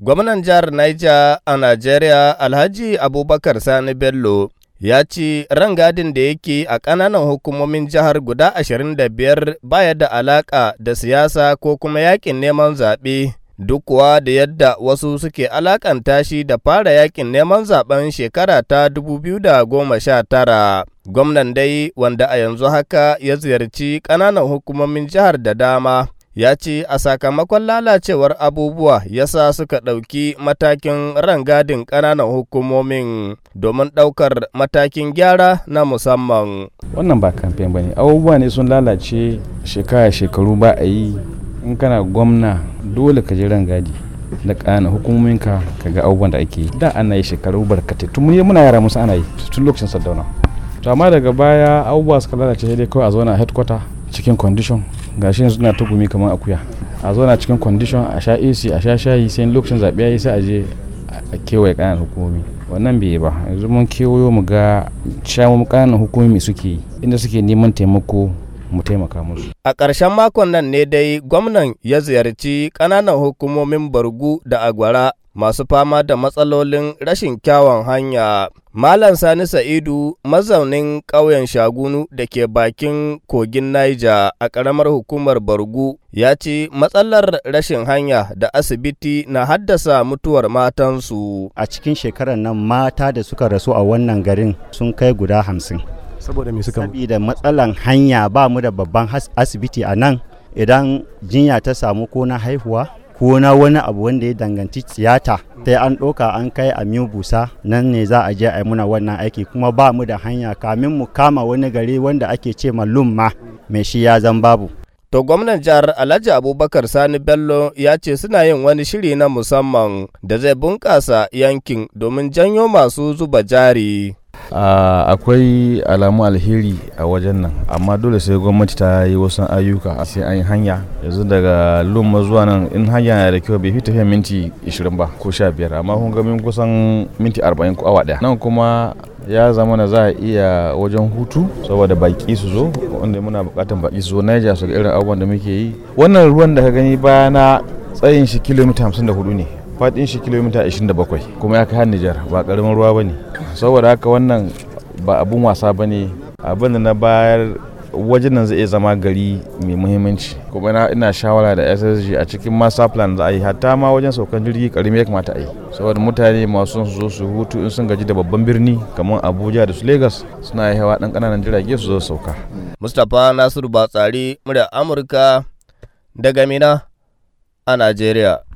Gwamnan jihar Niger a Najeriya Alhaji Abubakar Sani Bello ya ce gadin da yake a ƙananan hukumomin jihar guda 25 baya da alaƙa da siyasa ko kuma yaƙin neman zaɓe. duk kuwa da yadda wasu suke alaƙanta shi da fara yakin neman zaɓen shekara ta 2019 gwamnan dai wanda a yanzu haka ya ziyarci ƙananan hukumomin jihar da dama ya ce a sakamakon lalacewar abubuwa ya sa suka ɗauki matakin rangadin ƙananan hukumomin domin ɗaukar matakin gyara na musamman. Wannan ba kamfen ba ne, abubuwa ne sun lalace shekara shekaru ba a yi in kana gwamna dole ka je rangadi da ƙananan hukumominka ka ga abubuwan da ake yi. Da ana yi shekaru barkate tun muna yara musu ana yi tun lokacin Sardauna. To amma daga baya abubuwa suka lalace sai dai kawai a zauna a headquarter cikin condition gashi yanzu na tukumi kamar akuya a zo na cikin condition a sha ac a sha shayi sai lokacin zaɓe ya yi sai a je a kewaye ƙananan hukumomi wannan bai ba yanzu mun kewayo mu ga shamu ƙananan hukumomi suke inda suke neman taimako mu taimaka musu. A ƙarshen makon nan ne dai gwamnan ya ziyarci ƙananan hukumomin Bargu da Agwara masu fama da matsalolin rashin kyawun hanya. Malam Sani Sa'idu mazaunin ƙauyen Shagunu da ke bakin kogin Naija a ƙaramar hukumar Bargu ya ce matsalar rashin hanya da asibiti na haddasa mutuwar matansu. A cikin shekarar nan mata da suka rasu a wannan garin sun kai guda hamsin. saboda me suka saboda matsalan hanya ba mu da babban asibiti a nan idan jinya ta samu ko na haihuwa ko na wani abu wanda ya danganci tiyata sai an ɗoka an kai a busa nan ne za a je a yi muna wannan aiki kuma ba mu da hanya kamin mu kama wani gari wanda ake ce ma ma mai shi ya zan babu To gwamnan jihar Alhaji Abubakar Sani Bello ya ce suna yin wani shiri na musamman da zai bunƙasa yankin domin janyo masu zuba jari. akwai alamu alheri a wajen nan amma dole sai gwamnati ta yi wasu ayyuka sai an yi hanya yanzu daga lumma zuwa nan in hanya na da kyau bai fi tafiya minti 20 ba ko 15 amma kun ga min kusan minti 40 ko awa daya nan kuma ya zama na za a iya wajen hutu saboda baki su zo wanda muna bukatan baki su zo Niger su ga irin abubuwan da muke yi wannan ruwan da ka gani bayana tsayin shi kilomita 54 ne faɗin shi kilomita 27 kuma ya kai har Nijar ba ƙaramin ruwa bane saboda haka wannan ba abun wasa bane abin da na bayar wajen nan zai zama gari mai muhimmanci kuma ina shawara da ssg a cikin master plan za a yi hatta ma wajen saukan jirgi karimi ya kamata a yi saboda mutane masu su zo su hutu in sun gaji da babban birni kamar abuja da su lagos suna yi hawa dan kananan jirage su zo sauka mustapha nasiru batsari murya amurka daga mina a najeriya